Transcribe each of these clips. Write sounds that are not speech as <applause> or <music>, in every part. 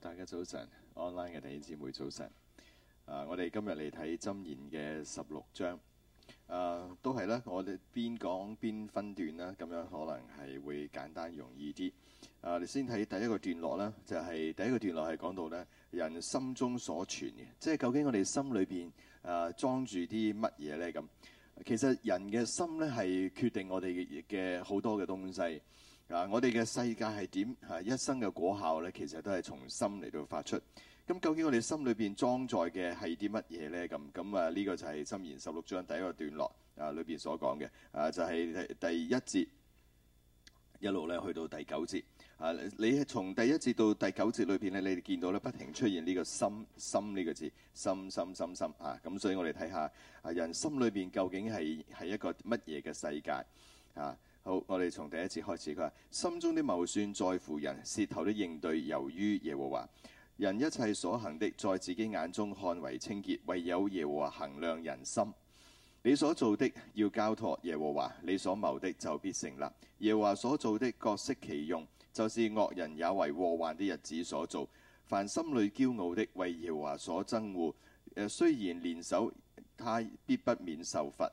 大家早晨，online 嘅弟兄姊妹早晨。啊，我哋今日嚟睇箴言嘅十六章。啊，都係啦。我哋邊講邊分段啦，咁樣可能係會簡單容易啲。啊，你先睇第一個段落啦，就係、是、第一個段落係講到咧，人心中所存嘅，即係究竟我哋心裏邊啊裝住啲乜嘢咧？咁，其實人嘅心咧係決定我哋嘅好多嘅東西。啊！我哋嘅世界係點啊？一生嘅果效咧，其實都係從心嚟到發出。咁究竟我哋心裏邊裝載嘅係啲乜嘢呢？咁咁啊？呢、這個就係《箴言》十六章第一個段落啊，裏邊所講嘅啊，就係、是、第一節一路咧去到第九節啊。你係從第一節到第九節裏邊咧，你哋見到咧不停出現呢個心心呢個字，心心心心啊。咁、嗯、所以我哋睇下啊，人心裏邊究竟係係一個乜嘢嘅世界啊？好，我哋從第一節開始，佢話：心中的謀算在乎人，舌頭的應對由於耶和華。人一切所行的，在自己眼中看為清潔，唯有耶和華衡量人心。你所做的要交託耶和華，你所謀的就必成立。耶和華所做的各適其用，就是惡人也為禍患的日子所做。凡心裏驕傲的，為耶和華所憎惡。誒、呃，雖然連手，他必不免受罰。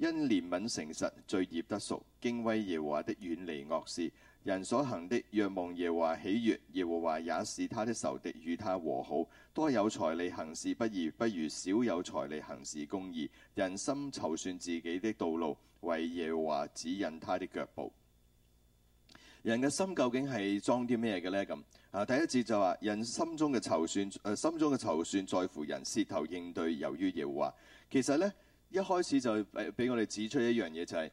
因憐憫誠實罪孽得贖，敬畏耶和華的遠離惡事。人所行的若蒙耶和華喜悅，耶和華也使他的仇敵與他和好。多有財利行事不義，不如少有財利行事公義。人心籌算自己的道路，惟耶和華指引他的腳步。人嘅心究竟係裝啲咩嘅呢？咁啊，第一節就話人心中嘅籌算，誒、呃，心中嘅籌算在乎人舌頭應對，由於耶和華。其實呢。一開始就誒俾我哋指出一樣嘢，就係、是、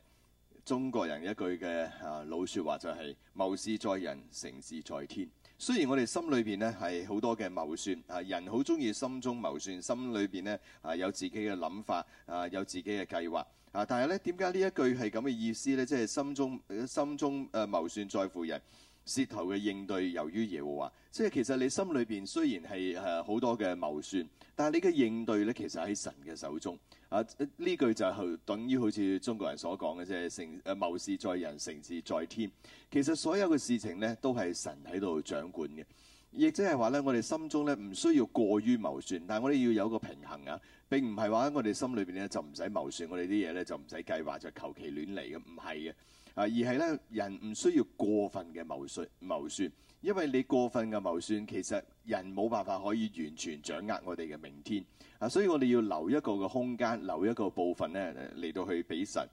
中國人一句嘅啊老説話，就是，就係謀事在人，成事在天。雖然我哋心裏邊咧係好多嘅謀算，啊人好鍾意心中謀算，心裏邊咧啊有自己嘅諗法，啊有自己嘅計劃，啊但係咧點解呢一句係咁嘅意思咧？即、就、係、是、心中心中誒謀算在乎人。舌頭嘅應對，由於耶和華，即係其實你心裏邊雖然係誒好多嘅謀算，但係你嘅應對咧，其實喺神嘅手中。啊，呢句就係等於好似中國人所講嘅，即係成誒、啊、謀事在人，成事在天。其實所有嘅事情呢，都係神喺度掌管嘅。亦即係話咧，我哋心中咧唔需要過於謀算，但係我哋要有一個平衡啊。並唔係話我哋心裏邊咧就唔使謀算，我哋啲嘢咧就唔使計劃，就求其亂嚟嘅，唔係嘅。啊！而係咧，人唔需要過分嘅謀算謀算，因為你過分嘅謀算，其實人冇辦法可以完全掌握我哋嘅明天啊！所以我哋要留一個嘅空間，留一個部分咧嚟到去俾神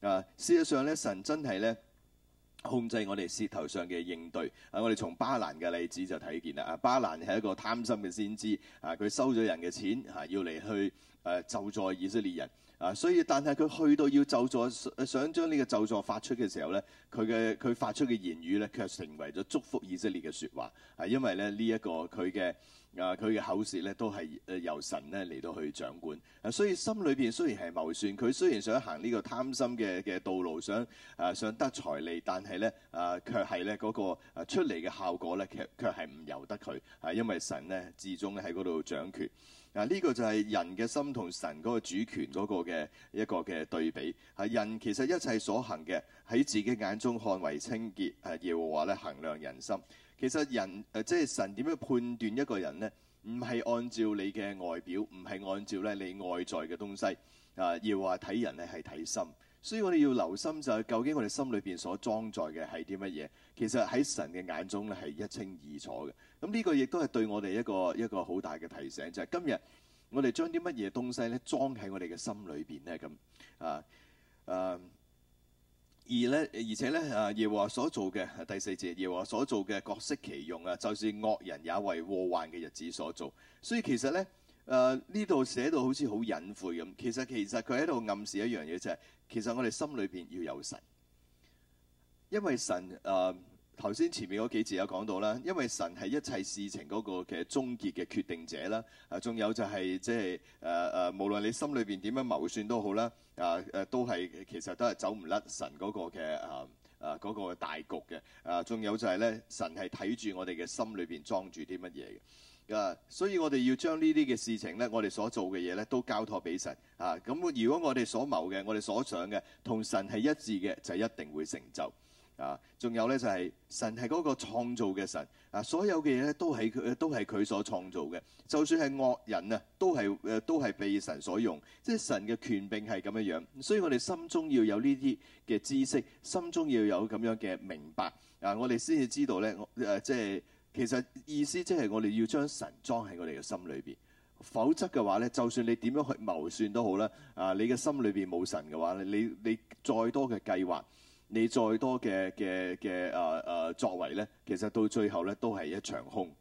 啊！事實上咧，神真係咧控制我哋舌頭上嘅應對啊！我哋從巴蘭嘅例子就睇見啦啊！巴蘭係一個貪心嘅先知啊！佢收咗人嘅錢啊，要嚟去誒咒詛以色列人。啊，所以但係佢去到要咒詛，想將呢個咒詛發出嘅時候咧，佢嘅佢發出嘅言語咧，卻成為咗祝福以色列嘅説話。係、啊、因為咧呢一、這個佢嘅啊佢嘅口舌咧，都係誒由神咧嚟、啊、到去掌管。啊，所以心裏邊雖然係謀算，佢雖然想行呢個貪心嘅嘅道路，想啊想得財利，但係咧啊，卻係咧嗰個出嚟嘅效果咧，其實卻係唔由得佢。係、啊、因為神咧，至終喺嗰度掌權。呢、啊這個就係人嘅心同神嗰個主權嗰個嘅一個嘅對比，係、啊、人其實一切所行嘅喺自己眼中看為清潔，係、啊、耶和華咧衡量人心。其實人誒、呃、即係神點樣判斷一個人咧，唔係按照你嘅外表，唔係按照咧你外在嘅東西，啊耶和華睇人咧係睇心。所以我哋要留心就係究竟我哋心裏邊所裝載嘅係啲乜嘢？其實喺神嘅眼中咧係一清二楚嘅。咁呢個亦都係對我哋一個一個好大嘅提醒，就係、是、今日我哋將啲乜嘢東西咧裝喺我哋嘅心裏邊咧咁啊誒。而、啊、咧，而且咧啊，耶和華所造嘅第四節，耶和華所造嘅各適其用啊，就算惡人也為禍患嘅日子所造。所以其實咧誒呢度、啊、寫到好似好隱晦咁，其實其實佢喺度暗示一樣嘢就係、是。其實我哋心裏邊要有神，因為神誒頭先前面嗰幾字有講到啦，因為神係一切事情嗰個嘅終結嘅決定者啦。啊，仲有就係、是、即係誒誒，無論你心裏邊點樣謀算都好啦，啊誒、啊，都係其實都係走唔甩神嗰個嘅誒誒嗰個大局嘅。啊，仲、啊那個啊、有就係咧，神係睇住我哋嘅心裏邊裝住啲乜嘢嘅。啊！所以我哋要將呢啲嘅事情咧，我哋所做嘅嘢咧，都交託俾神啊！咁如果我哋所謀嘅，我哋所想嘅，同神係一致嘅，就一定會成就啊！仲有咧就係、係、神係嗰個創造嘅神啊，所有嘅嘢咧都係佢，都係佢所創造嘅。就算係惡人啊，都係誒，都係被神所用，即係神嘅權柄係咁樣樣。所以我哋心中要有呢啲嘅知識，心中要有咁樣嘅明白啊！我哋先至知道咧，誒、啊、即係。其實意思即係我哋要將神裝喺我哋嘅心裏邊，否則嘅話咧，就算你點樣去謀算都好啦，啊，你嘅心裏邊冇神嘅話咧，你你再多嘅計劃，你再多嘅嘅嘅啊啊作為咧，其實到最後咧都係一場空。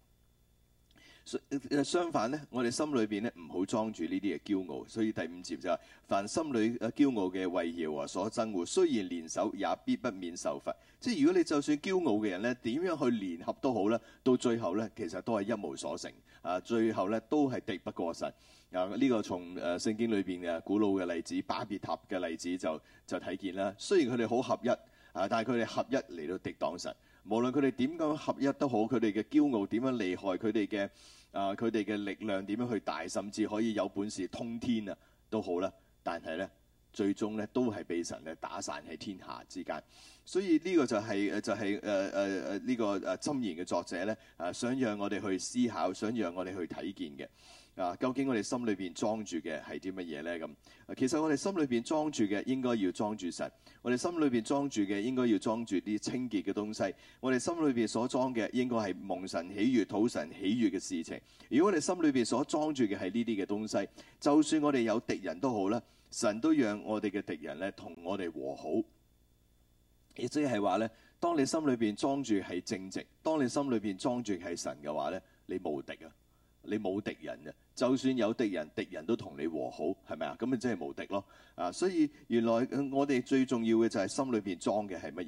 相反呢，我哋心裏邊呢唔好裝住呢啲嘅驕傲，所以第五節就話、是：凡心裏誒驕傲嘅、為耶和華、所憎惡，雖然聯手也必不免受罰。即係如果你就算驕傲嘅人呢點樣去聯合都好呢，到最後呢其實都係一無所成啊！最後呢都係敵不過神啊！呢、這個從誒、啊、聖經裏邊嘅古老嘅例子巴別塔嘅例子就就睇見啦。雖然佢哋好合一啊，但係佢哋合一嚟到敵擋神。無論佢哋點樣合一都好，佢哋嘅驕傲點樣厲害，佢哋嘅。啊！佢哋嘅力量點樣去大，甚至可以有本事通天啊，都好啦。但係呢，最終呢，都係被神呢打散喺天下之間。所以呢個就係、是、誒，就係誒誒誒呢個誒箴言嘅作者呢，誒、呃、想讓我哋去思考，想讓我哋去睇見嘅。啊！究竟我哋心裏邊裝住嘅係啲乜嘢呢？咁、啊、其實我哋心裏邊裝住嘅應該要裝住神，我哋心裏邊裝住嘅應該要裝住啲清潔嘅東西。我哋心裏邊所裝嘅應該係蒙神喜悅、討神喜悅嘅事情。如果我哋心裏邊所裝住嘅係呢啲嘅東西，就算我哋有敵人都好啦，神都讓我哋嘅敵人咧同我哋和好。亦即係話咧，當你心裏邊裝住係正直，當你心裏邊裝住係神嘅話咧，你無敵啊！你冇敵人嘅，就算有敵人，敵人都同你和好，係咪啊？咁咪真係無敵咯！啊，所以原來我哋最重要嘅就係心裏邊裝嘅係乜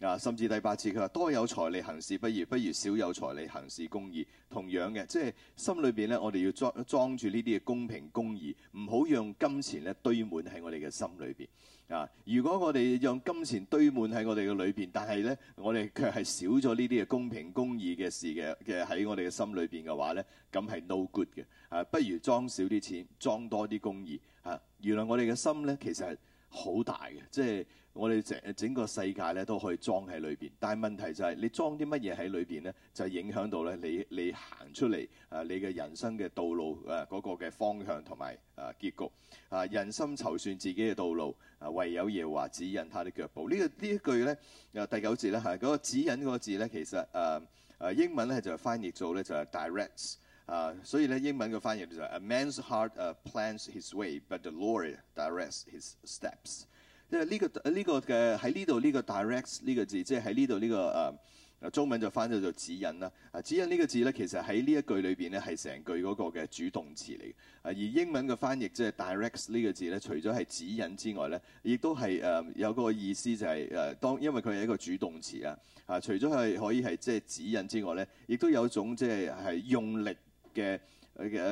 嘢啊？甚至第八次，佢話：多有財利，行事不義，不如少有財利，行事公義。同樣嘅，即係心裏邊咧，我哋要裝裝住呢啲嘅公平公義，唔好用金錢咧堆滿喺我哋嘅心裏邊。啊！如果我哋用金錢堆滿喺我哋嘅裏邊，但係咧，我哋卻係少咗呢啲嘅公平公義嘅事嘅嘅喺我哋嘅心裏邊嘅話咧，咁係 no good 嘅。啊，不如裝少啲錢，裝多啲公義。啊，原來我哋嘅心咧，其實係～好大嘅，即係我哋整整個世界咧都可以裝喺裏邊。但係問題就係你裝啲乜嘢喺裏邊咧，就影響到咧你你行出嚟啊！你嘅人生嘅道路啊，嗰、嗰個嘅方向同埋啊結局啊，人心籌算自己嘅道路啊，唯有耶華指引他的腳步。呢個呢一句咧啊，第九字咧係嗰個指引嗰個字咧，其實誒誒、啊啊、英文咧就是、翻譯做咧就係、是、directs。啊，uh, 所以咧英文嘅翻譯就係、是、A man's heart、uh, plans his way, but the Lord directs his steps，這個。即係呢個呢、這個嘅喺呢度呢個 directs 呢個字，即係喺呢度呢個誒、uh, 中文就翻咗做指引啦、啊。指引呢個字咧，其實喺呢一句裏邊咧係成句嗰個嘅主動詞嚟嘅、啊。而英文嘅翻譯即係、就是、directs 呢個字咧，除咗係指引之外咧，亦都係誒、啊、有個意思就係誒當因為佢係一個主動詞啊。啊，除咗係可以係即係指引之外咧，亦都有種即係係用力。嘅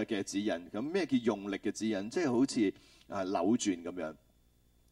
嘅指引，咁咩叫用力嘅指引？即係好似啊扭轉咁樣。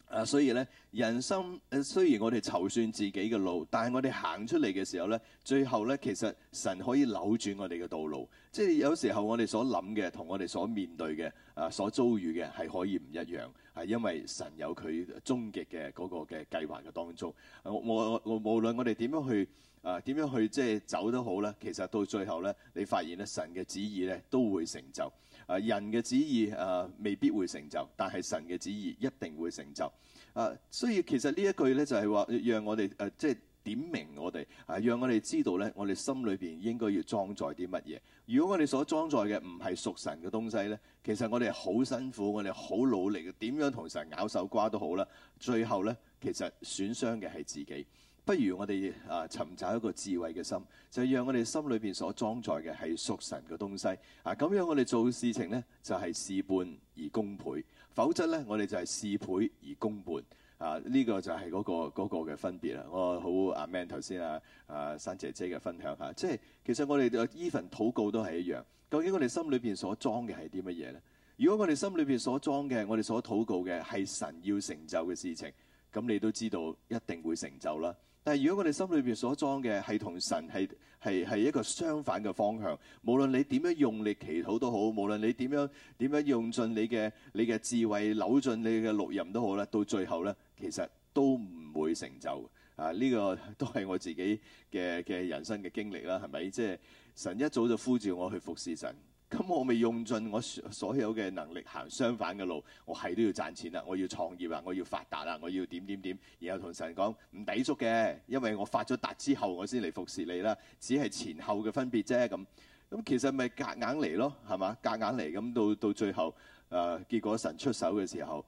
啊，所以咧，人生誒雖然我哋籌算自己嘅路，但係我哋行出嚟嘅時候咧，最後咧其實神可以扭轉我哋嘅道路。即係有時候我哋所諗嘅，同我哋所面對嘅啊，所遭遇嘅係可以唔一樣，係因為神有佢終極嘅嗰個嘅計劃嘅當中，我我，我無論我哋點樣去。啊，點樣去即係走都好咧，其實到最後咧，你發現咧，神嘅旨意咧都會成就。啊，人嘅旨意啊，未必會成就，但係神嘅旨意一定會成就。啊，所以其實呢一句咧就係、是、話，讓我哋誒、啊、即係點明我哋啊，讓我哋知道咧，我哋心裏邊應該要裝載啲乜嘢。如果我哋所裝載嘅唔係屬神嘅東西咧，其實我哋好辛苦，我哋好努力，點樣同神咬手瓜都好啦，最後咧其實損傷嘅係自己。不如我哋啊尋找一個智慧嘅心，就是、讓我哋心裏邊所裝載嘅係屬神嘅東西啊！咁樣我哋做嘅事情呢，就係、是、事半而功倍，否則呢，我哋就係事倍而功半啊！呢、這個就係嗰、那個嘅、那個、分別啊！我好阿、啊、Man 頭先啊啊珊姐姐嘅分享下、啊，即係其實我哋啊依份禱告都係一樣。究竟我哋心裏邊所裝嘅係啲乜嘢呢？如果我哋心裏邊所裝嘅，我哋所禱告嘅係神要成就嘅事情，咁你都知道一定會成就啦。但係如果我哋心裏邊所裝嘅係同神係係係一個相反嘅方向，無論你點樣用力祈禱都好，無論你點樣點樣用盡你嘅你嘅智慧、扭盡你嘅六壬都好咧，到最後咧，其實都唔會成就。啊，呢、這個都係我自己嘅嘅人生嘅經歷啦，係咪？即係神一早就呼召我去服侍神。咁我咪用盡我所有嘅能力行相反嘅路，我係都要賺錢啦，我要創業啦，我要發達啦，我要點點點，然後同神講唔抵觸嘅，因為我發咗達之後我先嚟服侍你啦，只係前後嘅分別啫咁。咁、嗯、其實咪夾硬嚟咯，係嘛？夾硬嚟咁到到最後，誒、呃、結果神出手嘅時候，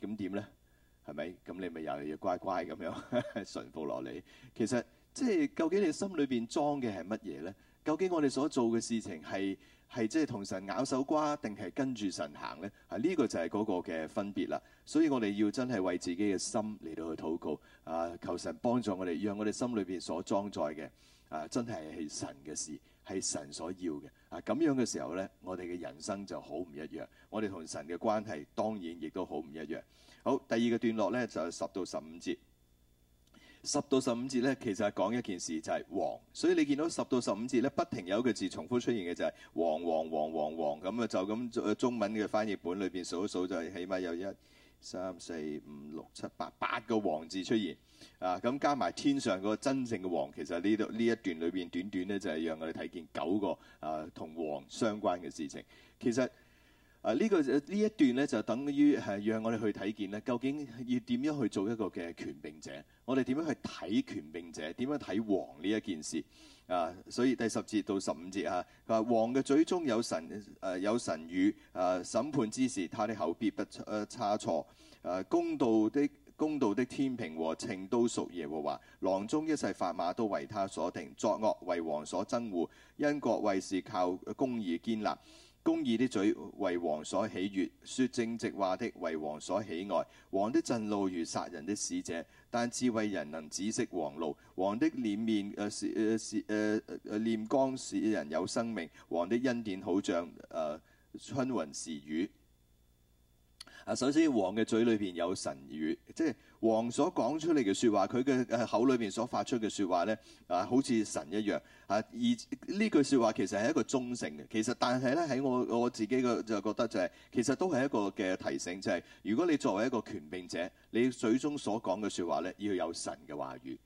咁點呢？係咪？咁你咪又要乖乖咁樣順 <laughs> 服落嚟？其實即係究竟你心裏邊裝嘅係乜嘢呢？究竟我哋所做嘅事情係？係即係同神咬手瓜，定係跟住神行呢？啊，呢個就係嗰個嘅分別啦。所以我哋要真係為自己嘅心嚟到去禱告，啊，求神幫助我哋，讓我哋心裏邊所裝載嘅啊，真係係神嘅事，係神所要嘅。啊，咁樣嘅時候呢，我哋嘅人生就好唔一樣，我哋同神嘅關係當然亦都好唔一樣。好，第二個段落呢，就係十到十五節。十到十五節呢，其實係講一件事，就係王。所以你見到十到十五節呢，不停有一個字重複出現嘅，就係王、王、王、王、王咁啊，就咁中文嘅翻譯本裏邊數一數，就係起碼有一三四五六七八八個王字出現啊！咁加埋天上個真正嘅王，其實呢度呢一段裏邊短短呢，就係讓我哋睇見九個啊同王相關嘅事情。其實。啊！呢、這個呢一段咧就等於係、啊、讓我哋去睇見咧，究竟要點樣去做一個嘅權柄者？我哋點樣去睇權柄者？點樣睇王呢一件事？啊！所以第十節到十五節啊，話王嘅嘴中有神誒、啊、有神語誒審判之時，他的口必不出差錯誒、啊、公道的公道的天平和秤都屬耶和華，囊中一切法碼都為他所定，作惡為王所憎惡，因國為是靠公義堅立。公義的嘴為王所喜悅，說正直話的為王所喜愛。王的震怒如殺人的使者，但智慧人能止息王怒。王的臉面誒、呃呃、是誒是誒誒臉光使人有生命。王的恩典好像誒、呃、春雲時雨。啊，首先王嘅嘴裏邊有神語，即係。王所講出嚟嘅説話，佢嘅誒口裏邊所發出嘅説話咧，啊，好似神一樣啊。而呢句説話其實係一個忠誠嘅，其實但係咧喺我我自己嘅就覺得就係、是、其實都係一個嘅提醒，就係、是、如果你作為一個權柄者，你嘴中所講嘅説話咧，要有神嘅話語，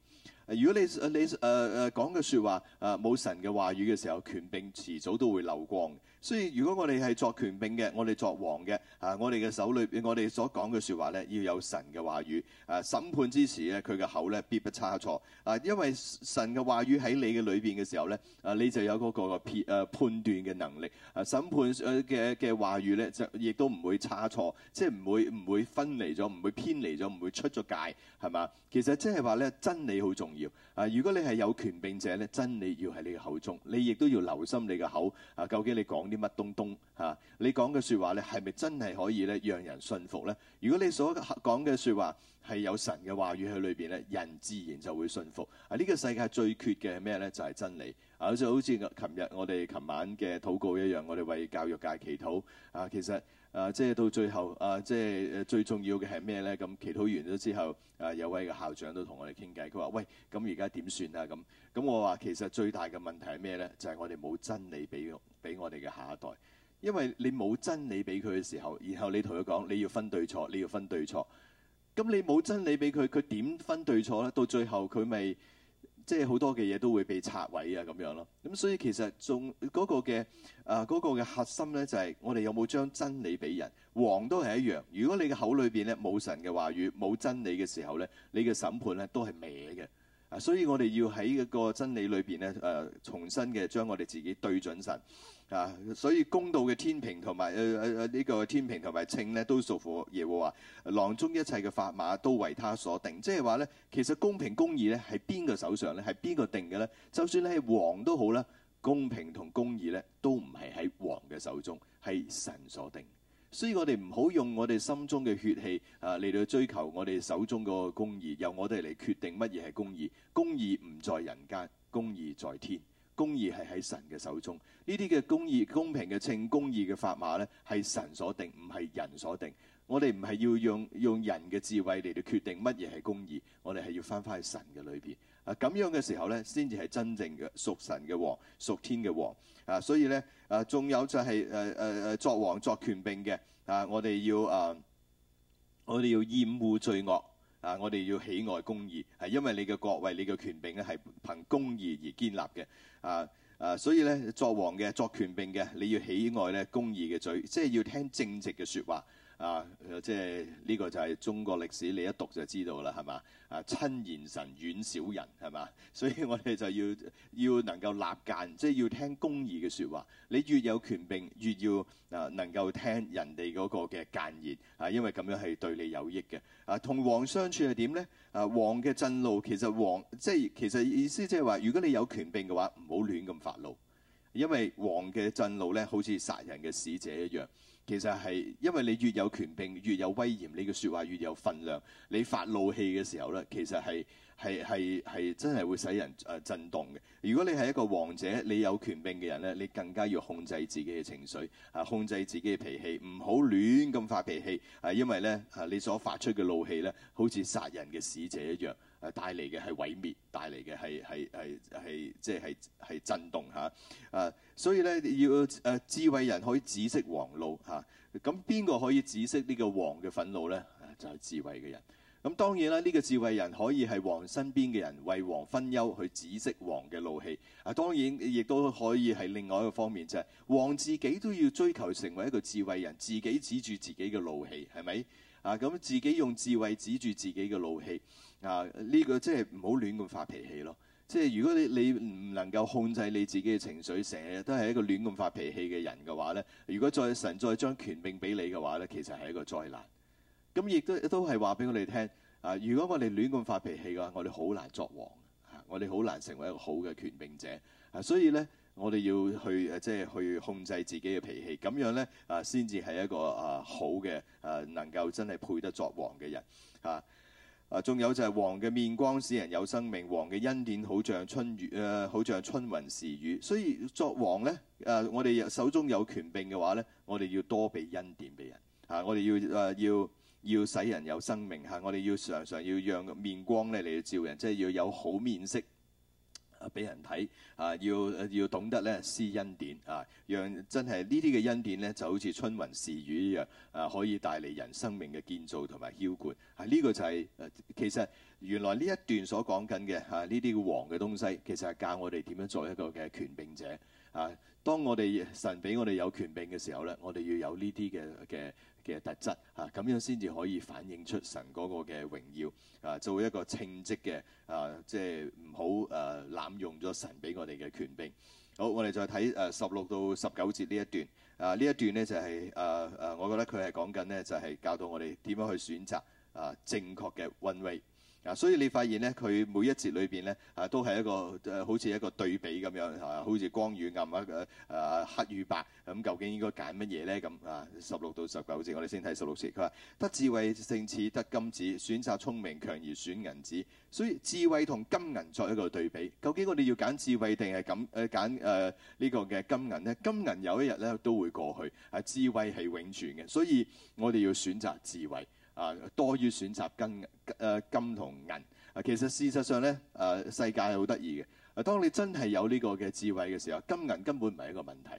啊。如果你你誒誒講嘅説話誒冇、啊、神嘅話語嘅時候，權柄遲早都會漏光。所以如果我哋係作權柄嘅，我哋作王嘅，啊我哋嘅手裏邊，我哋所講嘅説話咧，要有神嘅話語，啊，審判之時咧，佢嘅口咧必不差錯，啊，因為神嘅話語喺你嘅裏邊嘅時候咧，啊你就有嗰、嗰個，個，個，個判誒判斷嘅能力。啊，審判嘅嘅話語咧，就亦都唔會差錯，即係唔會唔會分離咗，唔會偏離咗，唔會出咗界，係嘛？其實即係話咧，真理好重要。啊，如果你係有權柄者咧，真理要喺你嘅口中，你亦都要留心你嘅口。啊，究竟你講。啲乜東東嚇？你講嘅説話咧，係咪真係可以咧讓人信服咧？如果你所講嘅説話係有神嘅話語喺裏邊咧，人自然就會信服。啊！呢個世界最缺嘅係咩咧？就係真理。啊，就好似琴日我哋琴晚嘅禱告一樣，我哋為教育界祈禱。啊，其實。啊，即係到最後，啊，即係最重要嘅係咩呢？咁祈禱完咗之後，啊有位嘅校長都同我哋傾偈，佢話：喂，咁而家點算啊？咁咁我話其實最大嘅問題係咩呢？就係我哋冇真理俾俾我哋嘅下一代，因為你冇真理俾佢嘅時候，然後你同佢講你要分對錯，你要分對錯，咁你冇真理俾佢，佢點分對錯呢？到最後佢咪？即係好多嘅嘢都會被拆毀啊咁樣咯，咁所以其實仲嗰個嘅啊嗰個嘅核心呢，就係、是、我哋有冇將真理俾人，王都係一樣。如果你嘅口裏邊咧冇神嘅話語，冇真理嘅時候呢，你嘅審判咧都係歪嘅。啊，所以我哋要喺嗰個真理裏邊咧誒，重新嘅將我哋自己對準神。啊，所以公道嘅天平同埋誒誒誒呢個天平同埋秤咧，都屬乎耶和華。囊中一切嘅砝碼都為他所定。即係話咧，其實公平公義咧係邊個手上咧？係邊個定嘅咧？就算你係王都好啦，公平同公義咧都唔係，喺王嘅手中，係神所定。所以我哋唔好用我哋心中嘅血氣啊嚟到追求我哋手中嗰個公義，由我哋嚟決定乜嘢係公義。公義唔在人間，公義在天。公義係喺神嘅手中，呢啲嘅公義、公平嘅秤、公義嘅法碼咧，係神所定，唔係人所定。我哋唔係要用用人嘅智慧嚟到決定乜嘢係公義，我哋係要返返去神嘅裏邊啊！咁樣嘅時候咧，先至係真正嘅屬神嘅王、屬天嘅王啊！所以咧，誒、啊，仲有就係誒誒誒作王作權柄嘅啊，我哋要啊，我哋要厭惡罪惡。啊！我哋要喜愛公義，係因為你嘅國為你嘅權柄咧，係憑公義而建立嘅。啊啊！所以咧，作王嘅、作權柄嘅，你要喜愛咧公義嘅嘴，即係要聽正直嘅説話。啊，即係呢、這個就係中國歷史，你一讀就知道啦，係嘛？啊，親賢臣遠小人，係嘛？所以我哋就要要能夠納諫，即係要聽公義嘅説話。你越有權柄，越要啊能夠聽人哋嗰個嘅諫言，啊，因為咁樣係對你有益嘅。啊，同王相處係點咧？啊，王嘅震怒其實王即係其實意思即係話，如果你有權柄嘅話，唔好亂咁發怒，因為王嘅震怒咧，好似殺人嘅使者一樣。其實係因為你越有權柄、越有威嚴，你嘅説話越有分量。你發怒氣嘅時候咧，其實係係係係真係會使人誒震動嘅。如果你係一個王者，你有權柄嘅人咧，你更加要控制自己嘅情緒，啊，控制自己嘅脾氣，唔好亂咁發脾氣。啊，因為咧啊，你所發出嘅怒氣咧，好似殺人嘅使者一樣。帶嚟嘅係毀滅，帶嚟嘅係係係係即係係震動嚇。啊，所以咧要誒、呃、智慧人可以止息王怒嚇，咁邊個可以止息呢個王嘅憤怒咧？就係、是、智慧嘅人。咁、啊、當然啦，呢、這個智慧人可以係王身邊嘅人為王分憂去止息王嘅怒氣。啊，當然亦都可以係另外一個方面就係、啊、王自己都要追求成為一個智慧人，自己止住自己嘅怒氣，係咪？啊！咁自己用智慧止住自己嘅怒氣啊！呢、這個即係唔好亂咁發脾氣咯。即係如果你你唔能夠控制你自己嘅情緒，成日都係一個亂咁發脾氣嘅人嘅話咧，如果再神再將權柄俾你嘅話咧，其實係一個災難。咁、嗯、亦都都係話俾我哋聽啊！如果我哋亂咁發脾氣嘅話，我哋好難作王啊！我哋好難成為一個好嘅權柄者啊！所以咧。我哋要去誒，即係去控制自己嘅脾氣，咁樣咧啊，先至係一個啊好嘅啊，能夠真係配得作王嘅人嚇啊。仲、啊、有就係王嘅面光使人有生命，王嘅恩典好像春雨誒、啊，好像春雲時雨。所以作王咧誒、啊，我哋手中有權柄嘅話咧，我哋要多俾恩典俾人嚇、啊，我哋要誒、啊、要要使人有生命嚇、啊，我哋要常常要讓面光咧嚟照人，即係要有好面色。俾人睇啊，要要懂得咧施恩典啊，讓真係呢啲嘅恩典咧就好似春雲時雨一樣啊，可以帶嚟人生命嘅建造同埋轄管啊。呢、這個就係、是啊、其實原來呢一段所講緊嘅啊，呢啲王嘅東西其實係教我哋點樣做一個嘅權柄者啊。當我哋神俾我哋有權柄嘅時候咧，我哋要有呢啲嘅嘅嘅特質嚇，咁、啊、樣先至可以反映出神嗰個嘅榮耀啊，做一個稱職嘅啊，即係唔好誒濫用咗神俾我哋嘅權柄。好，我哋再睇誒十六到十九節呢一段啊，呢一段咧就係誒誒，我覺得佢係講緊咧就係教導我哋點樣去選擇啊正確嘅運位。啊！所以你發現咧，佢每一節裏邊咧，啊都係一個誒、啊，好似一個對比咁樣，啊，好似光與暗啊，誒、啊，黑與白。咁、啊嗯、究竟應該揀乜嘢咧？咁啊，十六到十九節，我哋先睇十六節。佢話：得智慧勝似得金子，選擇聰明強而選銀子。所以智慧同金銀作一個對比，究竟我哋要揀智慧定係咁誒揀誒呢個嘅金銀咧？金銀有一日咧都會過去，啊，智慧係永存嘅，所以我哋要選擇智慧。啊，多於選擇金誒金同銀啊，其實事實上咧，誒、啊、世界係好得意嘅。啊，當你真係有呢個嘅智慧嘅時候，金銀根本唔係一個問題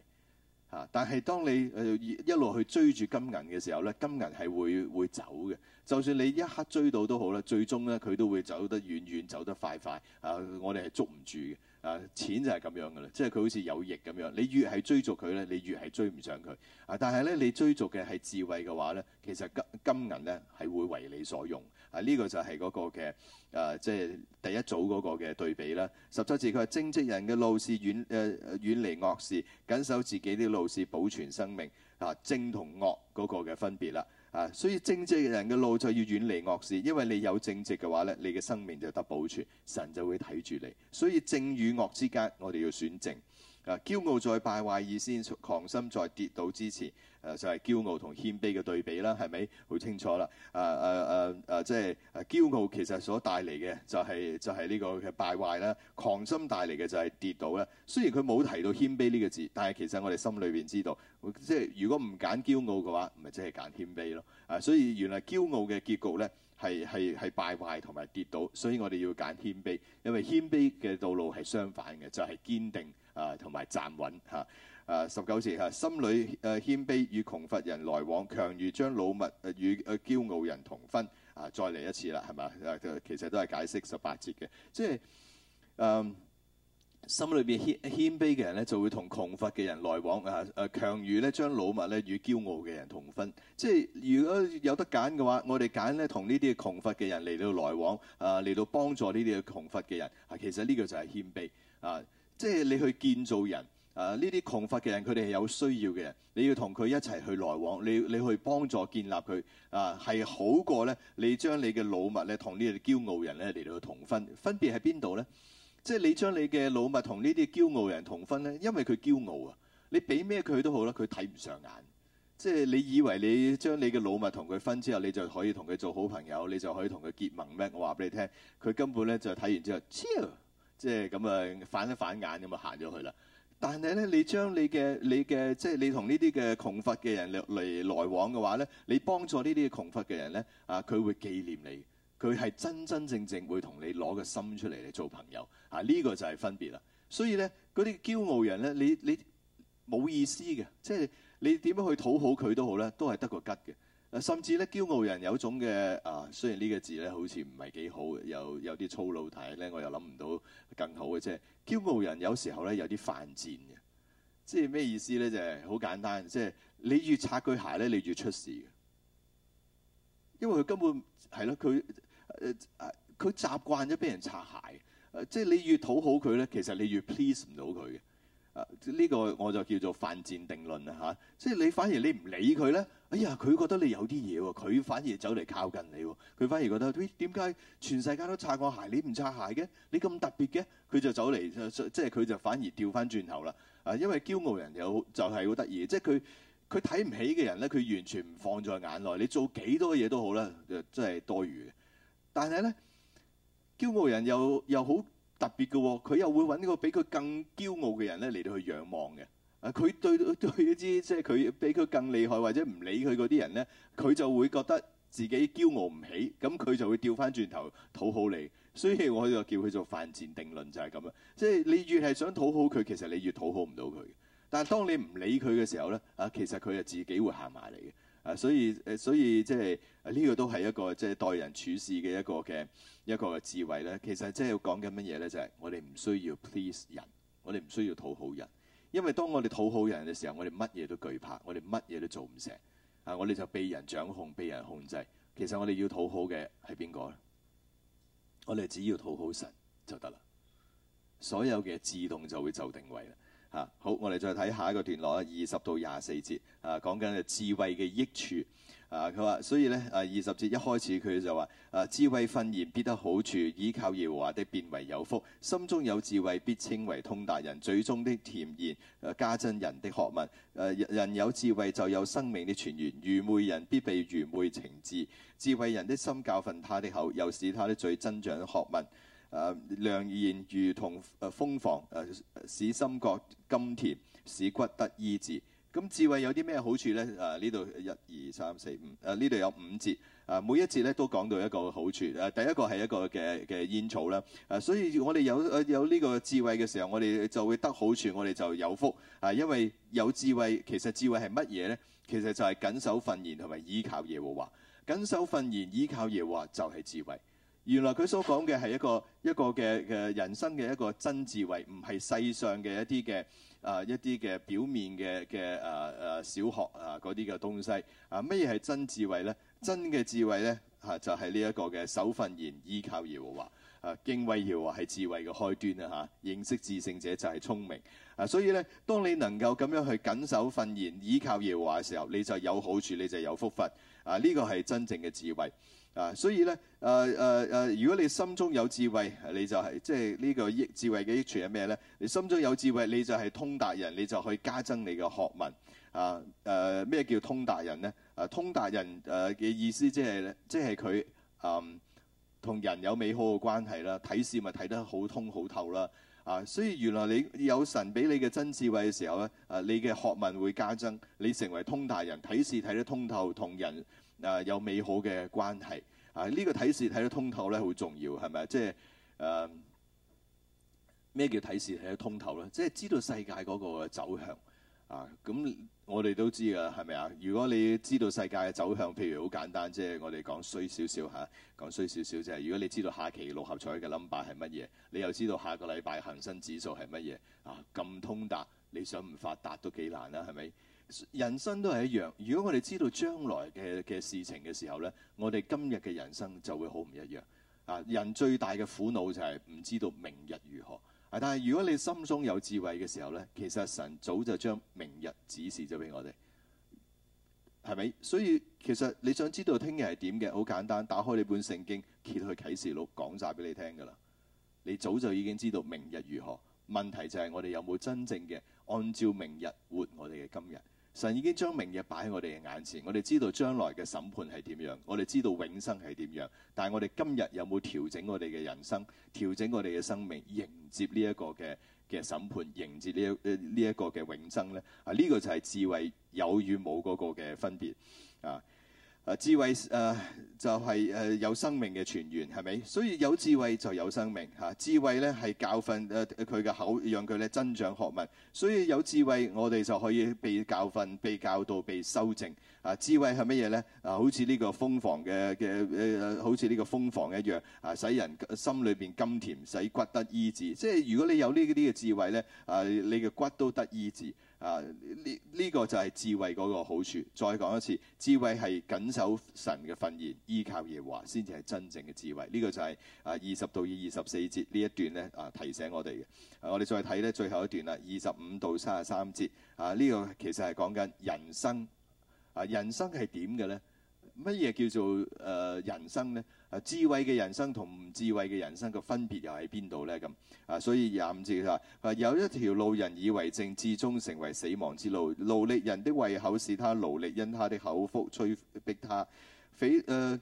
嚇、啊。但係當你誒一路去追住金銀嘅時候咧，金銀係會會走嘅。就算你一刻追到都好啦，最終咧佢都會走得遠遠，走得快快啊！我哋係捉唔住嘅。啊，錢就係咁樣嘅啦，即係佢好似有翼咁樣，你越係追逐佢咧，你越係追唔上佢。啊，但係咧，你追逐嘅係智慧嘅話咧，其實金金銀咧係會為你所用。啊，呢、這個就係嗰個嘅啊，即係第一組嗰個嘅對比啦。十七字，佢話正直人嘅路是遠誒、呃、遠離惡事，緊守自己啲路是保存生命。啊，正同惡嗰個嘅分別啦。啊！所以正直嘅人嘅路就要遠離惡事，因為你有正直嘅話，咧，你嘅生命就得保存，神就會睇住你。所以正與惡之間，我哋要選正。啊！驕傲在敗壞以先，狂心在跌倒之前。啊、就係、是、驕傲同謙卑嘅對比啦，係咪好清楚啦？誒誒誒誒，即、啊、係、啊就是啊、驕傲其實所帶嚟嘅就係、是、就係、是、呢個嘅敗壞啦，狂心帶嚟嘅就係跌倒啦。雖然佢冇提到謙卑呢個字，但係其實我哋心裏邊知道，即係如果唔揀驕傲嘅話，唔咪即係揀謙卑咯。啊，所以原來驕傲嘅結局咧係係係敗壞同埋跌倒，所以我哋要揀謙卑，因為謙卑嘅道路係相反嘅，就係、是、堅定啊同埋站穩嚇。啊啊，十九節嚇，心裏誒謙卑，與窮乏人來往，強如將擄物誒與誒驕傲人同分。啊，再嚟一次啦，係咪？誒，其實都係解釋十八節嘅，即係誒心裏邊謙謙卑嘅人咧，就會同窮乏嘅人來往。啊誒，強如咧將擄物咧與驕傲嘅人同分。即係如果有得揀嘅話，我哋揀咧同呢啲窮乏嘅人嚟到來往，啊嚟到幫助呢啲嘅窮乏嘅人。啊，其實呢個就係謙卑。啊，即係你去建造人。誒呢啲窮乏嘅人，佢哋係有需要嘅人，你要同佢一齊去來往，你你去幫助建立佢，啊係好過咧，你將你嘅老物咧同呢啲驕傲人咧嚟到同分，分別喺邊度咧？即係你將你嘅老物同呢啲驕傲人同分咧，因為佢驕傲啊，你俾咩佢都好啦，佢睇唔上眼。即係你以為你將你嘅老物同佢分之後，你就可以同佢做好朋友，你就可以同佢結盟咩？我話俾你聽，佢根本咧就睇完之後，即係咁啊，反一反眼咁啊，行咗去啦。但係咧，你將你嘅你嘅即係你同呢啲嘅窮乏嘅人嚟來往嘅話咧，你幫助呢啲窮乏嘅人咧，啊，佢會紀念你，佢係真真正正會同你攞個心出嚟嚟做朋友，啊，呢個就係分別啦。所以咧，嗰啲驕傲人咧，你你冇意思嘅，即係你點樣去討好佢都好咧，都係得個吉嘅。甚至咧，驕傲人有種嘅啊，雖然呢個字咧，好似唔係幾好，又有啲粗魯，但係咧，我又諗唔到更好嘅啫、啊。驕傲人有時候咧，有啲犯賤嘅，即係咩意思咧？就係、是、好簡單，即、就、係、是、你越擦佢鞋咧，你越出事嘅，因為佢根本係咯，佢誒誒，佢、呃、習慣咗俾人擦鞋，啊、即係你越討好佢咧，其實你越 please 唔到佢嘅。呢、啊呢個我就叫做犯賤定論啦嚇、啊，即係你反而你唔理佢咧，哎呀佢覺得你有啲嘢喎，佢反而走嚟靠近你喎，佢反而覺得，咦，點解全世界都擦我鞋？你唔擦鞋嘅，你咁特別嘅？佢就走嚟，即係佢就反而掉翻轉頭啦，啊，因為驕傲人就有，就係好得意，即係佢佢睇唔起嘅人咧，佢完全唔放在眼內，你做幾多嘢都好啦，真係多餘，但係咧驕傲人又又好。特別嘅喎、哦，佢又會揾個比佢更驕傲嘅人咧嚟到去仰望嘅。啊，佢對對一啲即係佢比佢更厲害或者唔理佢嗰啲人咧，佢就會覺得自己驕傲唔起，咁佢就會掉翻轉頭討好你。所以我就叫佢做犯賤定論就係咁樣，即係你越係想討好佢，其實你越討好唔到佢。但係當你唔理佢嘅時候咧，啊，其實佢係自己會行埋嚟嘅。啊，所以誒、啊，所以即係呢個都係一個即係、就是、待人處事嘅一個嘅一個智慧咧。其實即係要講緊乜嘢咧？就係、是、我哋唔需要 please 人，我哋唔需要討好人。因為當我哋討好人嘅時候，我哋乜嘢都懼怕，我哋乜嘢都做唔成。啊，我哋就被人掌控、被人控制。其實我哋要討好嘅係邊個咧？我哋只要討好神就得啦。所有嘅自動就會就定位啦。啊，好，我哋再睇下一個段落啦，二十到廿四節啊，講緊智慧嘅益處啊，佢話所以咧啊，二十節一開始佢就話啊，智慧訓言必得好處，依靠耶和華的變為有福，心中有智慧必稱為通達人，嘴中的甜言加增，啊、人的學問，誒、啊，人有智慧就有生命的泉源，愚昧人必被愚昧懲治，智慧人的心教訓他的口，又使他的嘴增長的學問。誒、啊、良言如同誒蜂房誒，使心覺甘甜，使骨得醫治。咁智慧有啲咩好處咧？誒呢度一二三四五誒呢度有五節誒、啊，每一節咧都講到一個好處誒、啊。第一個係一個嘅嘅煙草啦誒、啊，所以我哋有誒、啊、有呢個智慧嘅時候，我哋就會得好處，我哋就有福啊。因為有智慧，其實智慧係乜嘢咧？其實就係謹守訓言同埋依靠耶和華。謹守訓言、依靠耶和華就係、是、智慧。原來佢所講嘅係一個一個嘅嘅人生嘅一個真智慧，唔係世上嘅一啲嘅啊一啲嘅表面嘅嘅啊啊小學啊嗰啲嘅東西啊咩嘢係真智慧呢？真嘅智慧呢，嚇、啊、就係呢一個嘅守訓言、倚靠耶和華啊，敬畏耶和華係智慧嘅開端啦嚇、啊。認識至聖者就係聰明啊，所以呢，當你能夠咁樣去謹守訓言、倚靠耶和華嘅時候，你就有好處，你就有福分啊！呢、啊這個係真正嘅智慧。啊，所以咧，誒誒誒，如果你心中有智慧，你就係、是、即係呢個益智慧嘅益處係咩咧？你心中有智慧，你就係通達人，你就去加增你嘅學問。啊誒，咩、呃、叫通達人咧？誒、啊，通達人誒嘅、呃、意思即係即係佢嗯同人有美好嘅關係啦，睇事咪睇得好通好透啦。啊，所以原來你有神俾你嘅真智慧嘅時候咧，誒、啊、你嘅學問會加增，你成為通達人，睇事睇得通透，同人。啊，有美好嘅關係啊，呢、這個睇視睇得通透咧，好重要係咪？即係誒咩叫睇視睇得通透咧？即係知道世界嗰個走向啊！咁、嗯、我哋都知㗎，係咪啊？如果你知道世界嘅走向，譬如好簡單，即係我哋講衰少少嚇，講、啊、衰少少即啫、啊啊。如果你知道下期六合彩嘅 number 係乜嘢，你又知道下個禮拜恒生指數係乜嘢啊？咁通達，你想唔發達都幾難啦，係咪？人生都係一樣，如果我哋知道將來嘅嘅事情嘅時候呢，我哋今日嘅人生就會好唔一樣。啊，人最大嘅苦惱就係唔知道明日如何。啊，但係如果你心中有智慧嘅時候呢，其實神早就將明日指示咗俾我哋，係咪？所以其實你想知道聽日係點嘅，好簡單，打開你本聖經，揭去啟示錄講晒俾你聽㗎啦。你早就已經知道明日如何，問題就係我哋有冇真正嘅按照明日活我哋嘅今日。神已經將明日擺喺我哋嘅眼前，我哋知道將來嘅審判係點樣，我哋知道永生係點樣。但係我哋今日有冇調整我哋嘅人生，調整我哋嘅生命，迎接呢一個嘅嘅審判，迎接呢一呢一個嘅永生呢？啊，呢、呢個就係智慧有與冇嗰個嘅分別啊！啊，智慧誒、呃、就係、是、誒、呃、有生命嘅泉源係咪？所以有智慧就有生命嚇、啊。智慧咧係教訓誒佢嘅口，讓佢咧增長學問。所以有智慧，我哋就可以被教訓、被教導、被修正。啊，智慧係乜嘢咧？啊，好似呢個蜂房嘅嘅誒，好似呢個蜂房一樣啊，使人心裏邊甘甜，使骨得醫治。即係如果你有呢啲嘅智慧咧，啊，你嘅骨都得醫治。啊！呢呢、呢個就係智慧嗰個好處。再講一次，智慧係緊守神嘅訓言，依靠耶和華先至係真正嘅智慧。呢、呢個就係、係、啊二十到二十四節呢一段咧啊提醒我哋嘅、啊。我哋再睇咧最後一段啦，二十五到三十三節啊，呢、呢個其實係講緊人生啊，人生係點嘅咧？乜嘢叫做誒、呃、人生呢？誒智慧嘅人生同唔智慧嘅人生嘅分別又喺邊度呢？咁啊，所以廿五節佢話：有一條路人以為正，至終成為死亡之路；勞力人的胃口使他勞力，因他的口腹催逼他。匪誒。呃